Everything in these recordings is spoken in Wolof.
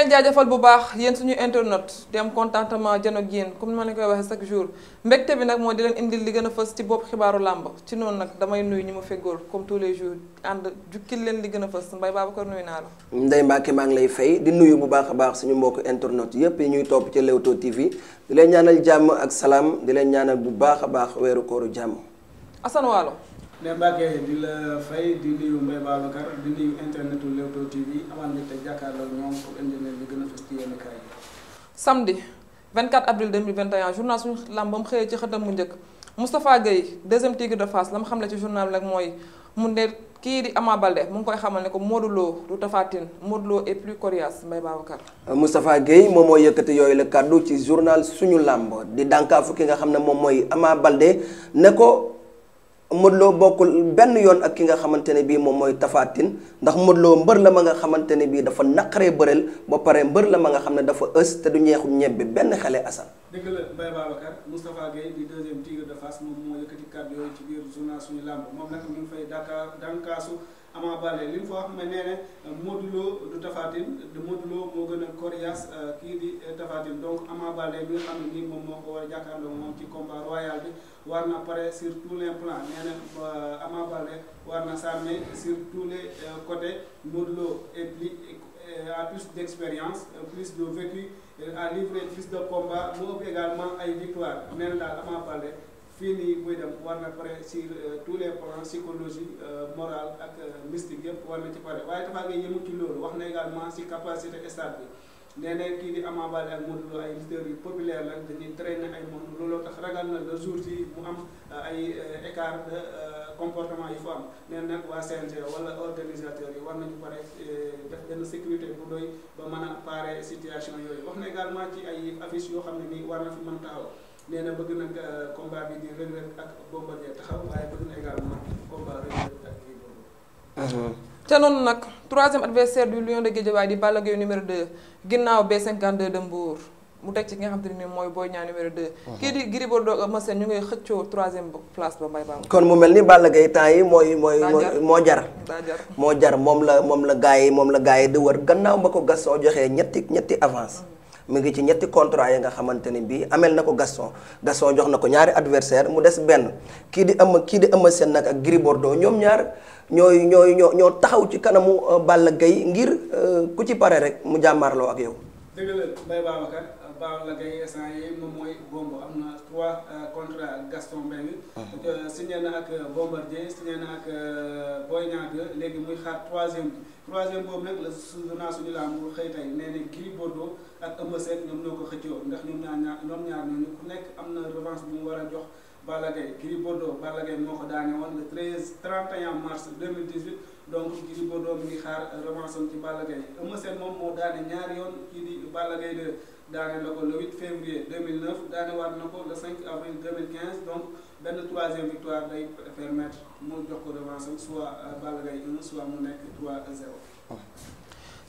leen jaajëfal bu baax yéen suñu internet dem am contentement jën ak yéen comme ni ma leen koy waxee chaque jour mbégte bi nag moo di leen indil li gën a fës ci bopp xibaaru làmb ci noonu nag damay nuyu ñu ma feggool comme tous les jours ànd jukkil leen li gën a fës mbay Babacar nuyu naa la Ndeye Mbacke maa ngi lay fay di nuyu bu baax a baax suñu mbokk internet yépp yi ñuy topp ci lewtoo TV di leen ñaanal jàmm ak salaam di leen ñaanal bu baax a baax weeru kooru jàmm Assane Waalo mais Mbacke di la fay di nuyu Mbaye Babacar di nuyu internetu Leewtoo TV amaan bi te jàkkaarloo ñoom pour indi leen li gën a fës ci yenn journal suñu lamb ba mu xëyee ci xëtam mu njëkk Moustapha Gueye deuxième tigre de Fass la mu xam ne ci journal bi nag mooy mun ne kii di Ama Balde mu ngi koy xamal ne ko Modou Lo du Tapha Tine Modou Lo est plus coriace Mbaye Babacar. Moustapha Gueye moom mooy yëkkati yooyu la kàddu ci journal suñu lamb di dànkaafu ki nga xam ne moom mooy Ama Balde ne ko. Modou Lo bokkul benn yoon ak ki nga xamante ne bii moom mooy tafaatin ndax Modou Lo mbër la ma nga xamante ne bii dafa naqaree bëreel ba pare mbër la ma nga xam ne dafa ës te du ñeexum ñebbe benn xale asan dëgg la Mbaye Babacar Moustapha Gueye di deuxième Ama Baldé li mu fa wax ma nee ne euh, Modou du Tapha moo gën a coriace euh, kii di euh, Tapha donc Ama Baldé mi nga xam ne nii moom moo ko war a jàkkaarloo moom ci combat royal bi war na pare sur tous les plans nee na Ama Baldé war na sàmmee sur tous les côtés Modou et puis a plus d'expérience plus de vécu a livré plus de combat mu également ay victoire nee na daal Ama fii nii muy dem war na pare sur euh, tous les plans psychologie euh, morale ak euh, mystique yëpp war na ci pare waaye Tapha Gueye yëmul ci loolu wax na également si capacité stade bi nee na kii di Ama Baldé ak Modou Lo ay lutteurs yu populaire la dañuy traîner ay monde looloo tax ragal na le jour ci mu am ay écart de comportement yu fa am nee nag waa CNG wala organisateurs yi war nañu pare def benn sécurité bu doy ba mën a pare situation yooyu wax na également ci ay affiches yoo xam ne nii war na fi mën taxaw nee na euh, te mhm. noonu nag troisième adversaire du Lion de Guédiawaye di Balla Gaye numéro 2 ginnaaw B52 de Mbour mu teg ci ki nga xam te ni mooy Boy Niang numéro 2. Mhm. kii di Gris Bordeaux ma seen ñu ngay xëccoo troisième place ba mbay baax. kon mu mel ni Balla Gaye temps yi mooy mooy. moo jar moo jar moom la moom la gars yi moom la gars yi di wër gannaaw ba ko Gaston joxee ñetti ñetti avance. Mhm. mi ngi ci ñetti contrat yi nga xamante ni bii amel na ko Gaston Gaston jox na ko ñaari adversaire mu des benn kii di Eumeu kii di Eumeu Sène nag ak Gris ñoom ñaar ñooy ñooy ñoo ñoo taxaw ci kanamu euh, Balla Gaye ngir euh, ku ci pare rek mu jàmmaarloo ak yow. Balla Gaye instant yi moom mooy Bombo am na trois euh, contrats ak Gaston Mbengue. Ah. Euh, si na ak euh, Bombardier signé na ak Boy ñaat 2 léegi muy xaar troisième troisième boobu nag la su naa suñu mu xëy tey nee na Gris Bordeaux ak Eumeu seet ñoom noo ko xëccoo ndax ñoom ñaar ñaar ñoom ñaar ñooñu ku nekk am na revanche bu mu war a jox. Balla Gaye Gris Bordeaux Balla Gaye moo ko daane woon le 13 31 mars 2018 donc Gris Bordeaux mi ngi xaar revanche am ci Balla Gaye Eumeu moom moo daane ñaari yoon kii di Balla Gaye 2 daane la ko le 8 février 2009 daane waat na ko le 5 avril 2015 donc benn troisième victoire day permettre mu jox ko revanche soit euh, Balla Gaye soit mu nekk 3-0.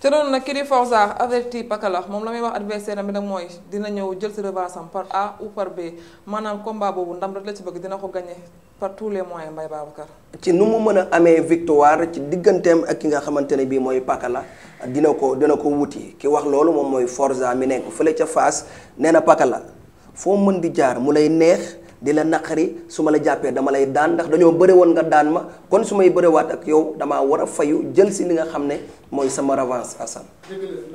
te noonu nag kii di Forza averti Pakalax moom la muy wax adversaire am bi nag mooy dina ñëw jël si revanche par A u par B maanaam combat boobu ndam rek la ci bëgg dina ko gagné. par tous les moyens Mbaye Babacar. ci nu mu mën a amee victoire ci digganteem ak ki nga xamante ne bii mooy Pakala dina ko dina ko wuti ki wax loolu moom mooy Forza mi nekk fële ca Fass nee na la foo mën di jaar mu lay neex di la naqari su ma la jàppee dama lay daan ndax dañoo bëre woon nga daan ma kon su may bërewaat ak yow damaa war a fayu jël si li nga xam ne mooy sama revanche Assane. dëgg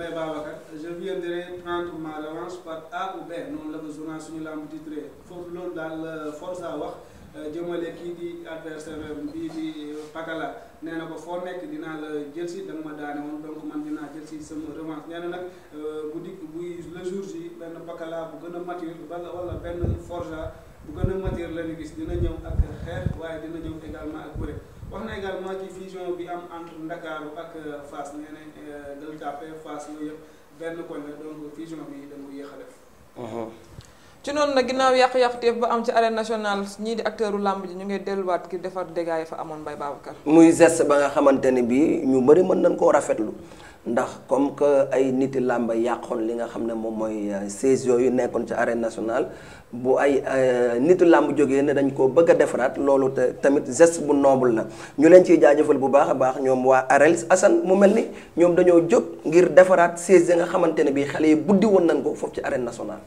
la A Euh, jëmale kii di adversaire bii di Pakala nee ko foo nekk dinaa la jël si da ma daane woon donc man dinaa jël si sama revanche nee na nag euh, bu dikk buy le jour ji benn Pakala bu gën a matir bala wala benn forja bu gën a mature la ñu gis dina ñëw ak xeer waaye dina ñëw également ak bëre wax na également ci vision bi am entre Ndakaaru ak euh, Fass nee na Gueule Tapée Fass yooyu yëpp benn koñ la donc bi da nga yéex a def ci noonu nag ginnaaw yàqu-yàqu teef ba am ci arène nationale ñii di acteuru làmb ji ñu ngi delluwaat ki defar dégâts yi fa amoon Mbaye Babacar. muy geste ba nga xamante ne bii ñu bëri mën nañ koo rafetlu ndax comme que ay niti làmba yàqoon li nga xam ne moom mooy euh, seize yu nekkoon ci arène national bu ay euh, nitu làmb jógee ne dañ ko bëgg a defaraat loolu te tamit geste bu noble la ñu leen ci jaajëfal bu baax a baax ñoom waa ARELS assan mu mel ni ñoom dañoo jóg ngir defaraat seize yi nga xamante ne bii xale yi buddi woon nañ ko foofu ci arène nationale.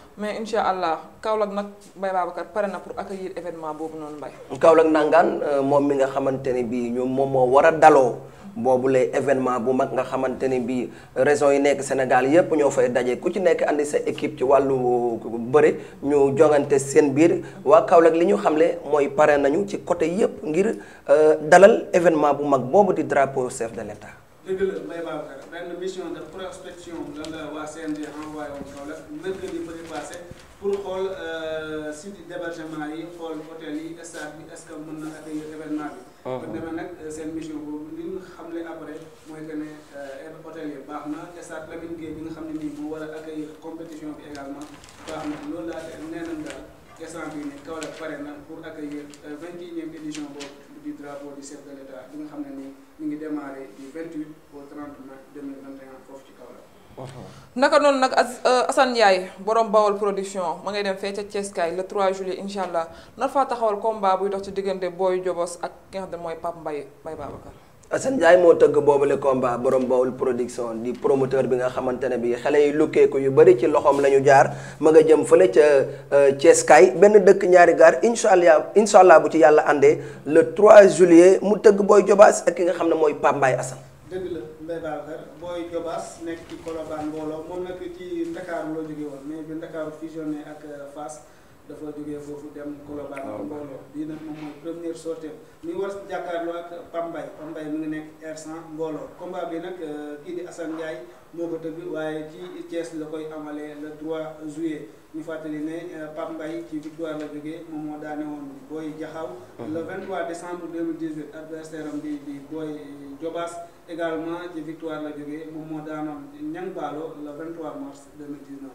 mais incha allah Kaolack nag Mbaye Babacar pare na pour accueillir événement boobu noonu Mbaye. Kaolack nangaan euh, moom mi nga xamante ne bii ñoom moom moo war a daloo. boobu lay événement bu mag nga xamante ni bii régions yi nekk Sénégal yépp ñoo fay daje ku ci nekk indi sa équipe ci wàllu bëri ñu jongante seen biir waa Kaolack li ñu xamle mooy pare nañu ci côté yépp ngir euh, dalal événement bu mag boobu di drapeau chef de l'État dëgg la Mbaye Babacar benn mission de prospection la nga waa CND envoyé woon Kaolack mercredi bëri passé pour xool euh, site d'hébergement yi xool hôtel yi stade bi est-ce que mën na accueillir bi. ba ah. demee nag euh, seen mission li ñu xamle après mooy que ne euh, hôtel yi baax na stade Lamine Gueye bi nga xam ne nii moo war a accueillir compétition bi également baax na loolu daal nee nañ daal instant bii nii Kaolack pare na pour accueillir vingt et unième boobu. du xam ni ñu ngi démarré du naka noonu nag euh, Assane Ndiaye borom Bawol production ma ngay dem fee ca Thiès kaay le 3 juillet incha allah nar faa taxawal combat buy dox ci diggante booy Jobos ak ki nga xam ne mooy Pape Mbaye Mbaye Babacar. Assane Ndiaye moo tëgg boobule combat borom Baol production di promoteur bi nga xamante ne bi xale yi lukkee ko yu bëri ci loxoom la ñu jaar ma nga jëm fële ca euh, Thiès kaay benn dëkk ñaari gaar incha allah incha allah bu ci yàlla àndee le 3 juillet mu tëgg booy Jobaas ak ki nga xam ne mooy Pambaay Assane. dëgg la Mbaye Babacar Boy Jobaas nekk ci Colobane mbooloo moom nag ci Ndakaaru loo jógee woon mais bi Ndakaaru fusionné ak euh, Fass. dafa jógee foofu dem Colobane mbooloo bii nag moom mooy première sortie mi war jàkkaarloo ak Pambay Pambay mu ngi nekk R100 mbooloo combat bi nag euh, kii di Assane Ndiaye moo ko tëgg waaye ci Thiès la koy amalee le 3 juillet ñu fàttali ne euh, Pambay ci victoire la jógee moom moo daane woon Boy Jaxaw le 23 décembre 2018 adversaire am bi di Boy Jobaas également ci victoire la jógee moom moo daanoon Ñang Baalo le 23 mars 2019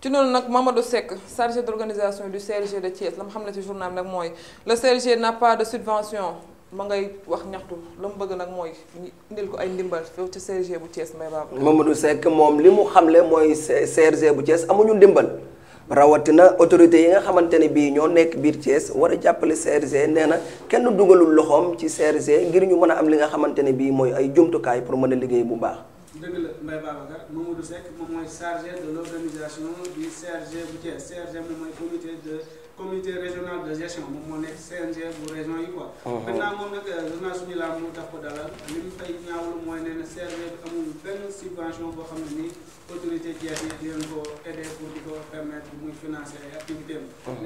ci noonu nag Mamadou Seck chargé d'organisation du CRG de Thiès la mu xam ne ci journal nag mooy le CRG n'a pas de subvention ma ngay wax ñaxtu la mu bëgg nag mooy indil ko ay ndimbal fii ci CRG bu Thiès mbay baab Mamadou Seck moom li mu xamle mooy CRG bu Thiès amuñu ndimbal rawatina autorités yi nga xamante ne bii ñoo nekk biir Thiès war a jàppale CRG nee na kenn dugalul loxoom ci CRG ngir ñu mën a am li nga xamante ne bii mooy ay jumtukaay pour mën a liggéey bu baax. dëgg la Mbaye Babacar Mamadou Seck moom mooy chargé de l' organisation du CRG bu Thiès CRG moom mooy comité de comité régional de gestion moo nekk CNG bu région yi quoi. Oh, oh. maintenant moom nag euh, journal suñu laa mu tax ko dalal li mu fay ñaawlu mooy nee na CRG bi boo xam ne nii autorité Thiès yi di leen ko aider pour di ko permettre muy financer ay activités oh.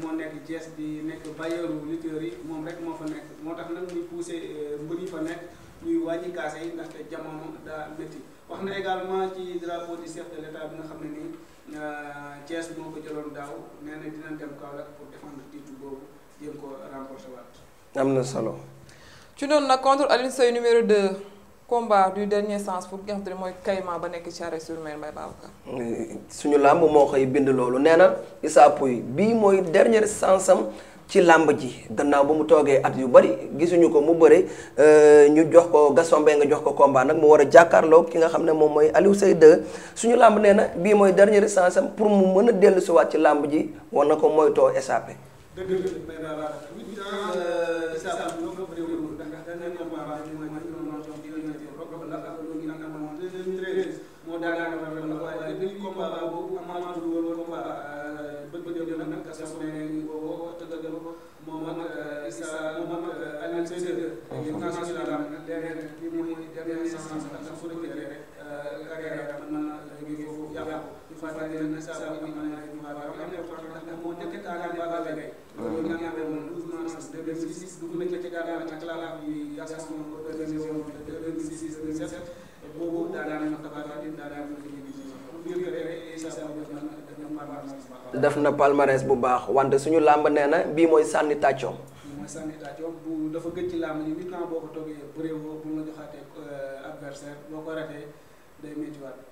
moo nekk Thiès di nekk bailleur lutteurs moom rek moo fa nekk moo tax nag muy pousser euh, mbër yi fa nekk. ñuy wàññi kaase yi ndaxte jamono daa métti wax na également ci drapeau du chef bi nga xam ne nii euh, Thiès moo solo. ci noonu nag contre Alioune Seye numéro 2. pour nga mooy Kayma ba nekk Thiaroye sur Mer Mbaye Babacar. suñu bind loolu nee na dernier sens ci làmb ji gannaaw ba mu toogee at yu bari gisuñu ko mu bëre ñu jox ko Gaston Mbengue nga jox ko combat nag mu war a jàkkaarloo ki nga xam ne moom mooy Aliou Seye 2 suñu làmb nee na bii mooy dernière chance am pour mu mën a dellu si ci làmb ji war na ko moytoo échappé. fadila nasaba bi man la ma ba na ci def na palmarès bu baax wante suñu làmb nee na bii mooy sànni tàccoom. mooy sànni tàccoom bu dafa gëj ci làmb ni huit ans boo ko toggee bëree woo pour nga euh, adversaire boo ko ratee day méttiwaat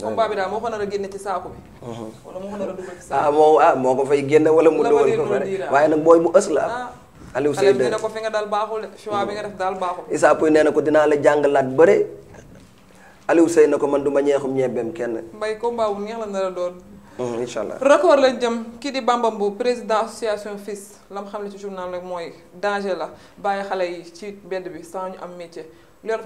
combat bi daal moo ko nar a génne ci saako bi. Uh-huh. wala moo ko nar a ah, ah, génne wala mu dugal ko fa waaye nag booy mu ës la am. Ah, Aliou Seye de ko fi nga daal baaxul choix bi nga def daal baaxul. Issa Pouye nee na ko dinaa la jàngalaat bëre Aliou Seye na ko man du ma ñeexum ñebeem kenn. mbay combat bu neex la nar a doon. Uh-huh, incha allah record lañ jëm kii di bambam bu président association FILS la mu xam ne ci journal rek mooy danger la bàyyi xale yi ci mbedd bi sans ñu am métier loolu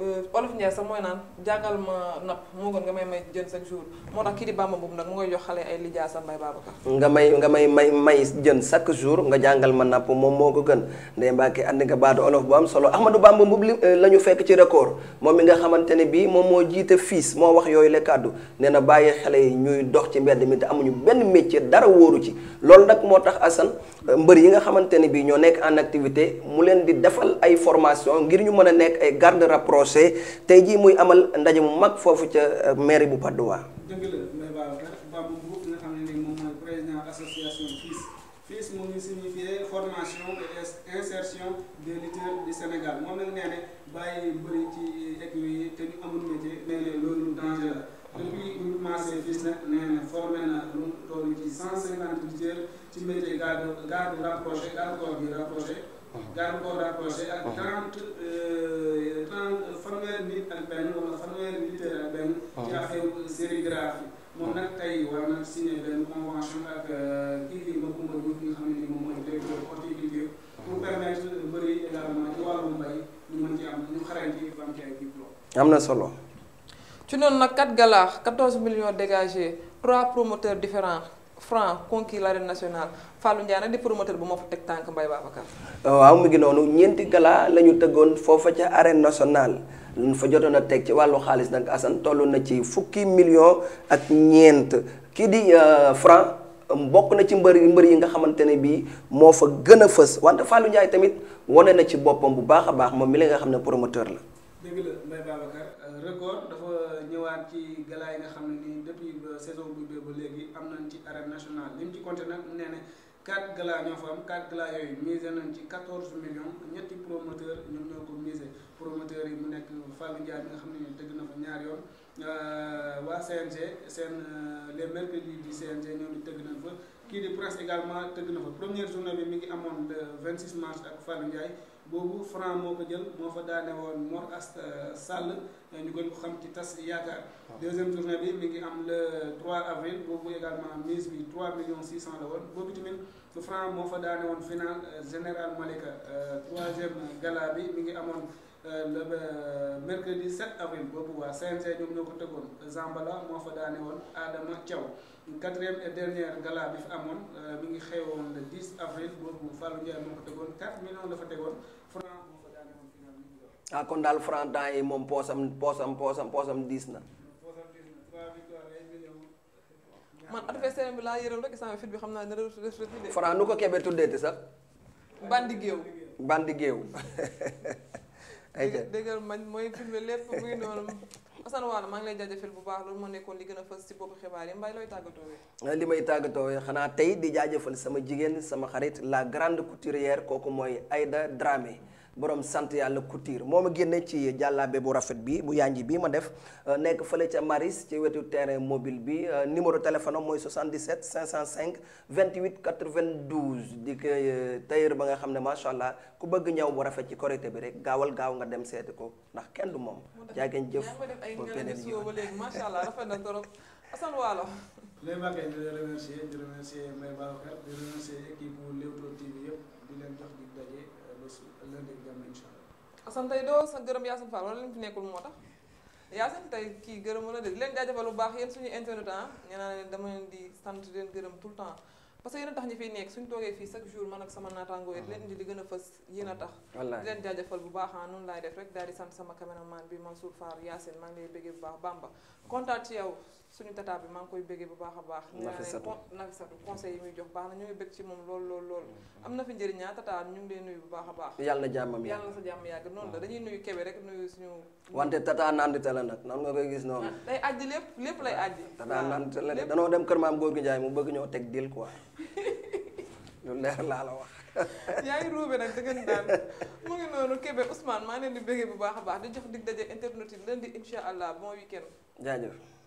Euh, olof Ndiaye sax mooy naan jàngal ma napp moo gën nga may may jën chaque jour moo tax kii di Bamba nag mu ngay jox xale ay lijaa sa nga may nga may may may jën chaque jour nga jàngal ma napp moom moo ko gën ndey Mbacke andi nga baatu olof bu am solo Ahmadou Bamba boobu li euh, la ñu fekk ci record moom mi nga xamante ne bii moom moo jiite fiis moo wax yooyu la kàddu nee na bàyyi xale yi ñuy dox ci mbedd mi te amuñu benn métier dara wóoru ci loolu nag moo tax Assane euh, mbër yi nga xamante ne bii ñoo nekk en activité mu leen di defal ay formation ngir ñu mën a nekk ay garde annoncé tey jii muy amal ndaje mu mag foofu ca euh, mairie bu Patte d'Oie. dëgg la Mbaye Babacar Babou nga xam ne moom mooy président association FILS FILS mu ngi signifié formation insertion des lutteurs du Sénégal moom nag nee bàyyi bëri ci écuries yi te ñu amul métier nee loolu danger la. depuis ñu commencé FILS nag nee na formé na lu toll ci cent cinquante lutteurs ci métier garde garde rapproché garde corps bi rapproché. gàllankoor rapproché ak trente euh, trente nit ak benn wala fanweeri militaire ak benn. Ah. ci affaire sérigraphie moom nag tey war na signé benn convention euh, kii bi Macoumba Diouf nga xam ne moom mooy directeur horticulture ah. pour permettre mbër également ci wàllu mbay ñu mën ci am ñu xarañ ci ba am ci ay am na solo. ci noonu nag 4 galas 14 millions dégagés 3 promoteurs différents. Franc conquis l'arène nationale Fallou Ndiaye nag di promoteur bu moo fa teg tànk Mbaye Babacar. waaw mu ngi noonu ñeenti gala la ñu tëggoon foofa ca arène nationale luñ fa jotoon a teg ci wàllu xaalis nag Assane toll na ci fukki million ak ñeent kii di euh, Franc bokk na ci mbër mbër yi nga xamante ne bii moo fa gën a fës wante Fallou njaay tamit wane na ci boppam bu baax a baax moom mi la nga xam ne promoteur la. ñëwaat ci gala yi nga xam ne nii depuis saison bu bee ba léegi am na nañ ci arène nationale li mu ci compté nag nee na quatre gala ñoo fa am quatre gala yooyu misé nañ ci quatorze millions ñetti promoteur ñoom ñoo ko misé promoteur yi mu nekk Fallou Ndiaye mi nga xam ne nii dëgg na fa ñaar yoon euh, waa CNG seen euh, les mercredis du CNG ñoom it tëgg nañ fa kii di presse également tëgg na fa première journée bi mi ngi amoon le vingt six mars ak Fallou boobu franc moo ko jël moo fa daane woon Mor Asta Sall ñu gën ko xam ci tas yaakaar. deuxième journée bi mi ngi am le 3 avril boobu également mise bi 3 millions 600 la woon boobu tamit su franc moo fa daane woon final euh, général Malika euh, troisième gala bi mi ngi amoon. Euh, le euh, mercredi 7 avril boobu waa CNG ñoom ñoo ko tëggoon Zambala moo fa daane woon Adama Thiaw quatrième dernière gala bi fi amoon euh, mi ngi xewoon le 10 avril boobu Fallou Ndiaye moo ah, kon daal franc temps yi moom poosam poosam poosam poosam diis na. poosam man adversaire bi laa yëral rek sama fit bi xam naa ne franc nu ko kebee tuddeeti sax. bandi géew bandi géew. ayca dëggal mañ mooy filmé lépp muy noonu Assane Wala maa ngi lay jaajëfal bu baax loolu moo nekkoon li gën a fës ci boppu xibaar yi mbay looy tàggatoo ah, li may tàggatoo xanaa tey di jaajëfal sama jigéen sama xarit la grande couturière kooku mooy Aïda Dramé borom sant yàlla couture moom ma génnee ci jàllaabe bu rafet bi bu yanji bi ma def euh, nekk fële ca Maris ci wetu terrain mobile bi euh, numéro téléphone am mooy 77 505 28 92 di ko euh, tailleur ba nga xam ne macha allah ku bëgg ñaw bu rafet ci korité bi rek gaawal gaaw nga dem seeti ko ndax kenn du moom. yaa ngeen jëf ba beneen rafet na trop di remercier di remercier Mbaye Babacar yëpp di leen jox di daje. si lundi ak jàmm incha allah. Assane tey doo sa gërëm Yacine Fall wala leen fi nekkul moo tax Yacine tey kii gërëm wala dégg leen jaajëfal bu baax yéen suñu internet ah nee naa leen dama leen di sant leen gërëm tout le temps. parce nekk suñu toogee fii chaque jour man ak sama naataangoo yi ah. leen indi li gën a fës yéen a tax di leen jaajëfal bu baax ah noonu laay def rek daal di sant sama caméraman bi Mansour Fall Yacine maa ngi lay bëggee bu baax Bamba kontaan ci suñu tata bi maa ngi koy bëggee bu baax a baax ñaane nafisatu conseil yi muy jox baax na ñu ngi bëgg ci moom lool lool lool mm-hmm. am na fi njëriñaa ah, tata ñu ngi lay nuyu bu baax a baax yàlla na jàmmam yàlla na sa jàmm yàgg noonu la mm-hmm. dañuy nuyu kebe rek nuyu suñu mm-hmm. wante tata nandite la nag nan nga koy gis noonu ah, day ajji lépp lépp lay ah, ajji tata nandite la danoo dem kër maam góor gi Njaay mu bëgg ñoo teg dil quoi lu leer laa la wax yaa ngi ruube nag dëggan daan mu ngi noonu Kébé Ousmane maa leen di bëggee bu baax a baax di jox dig daje internet yi leen di insha allah bon weekend jaajëf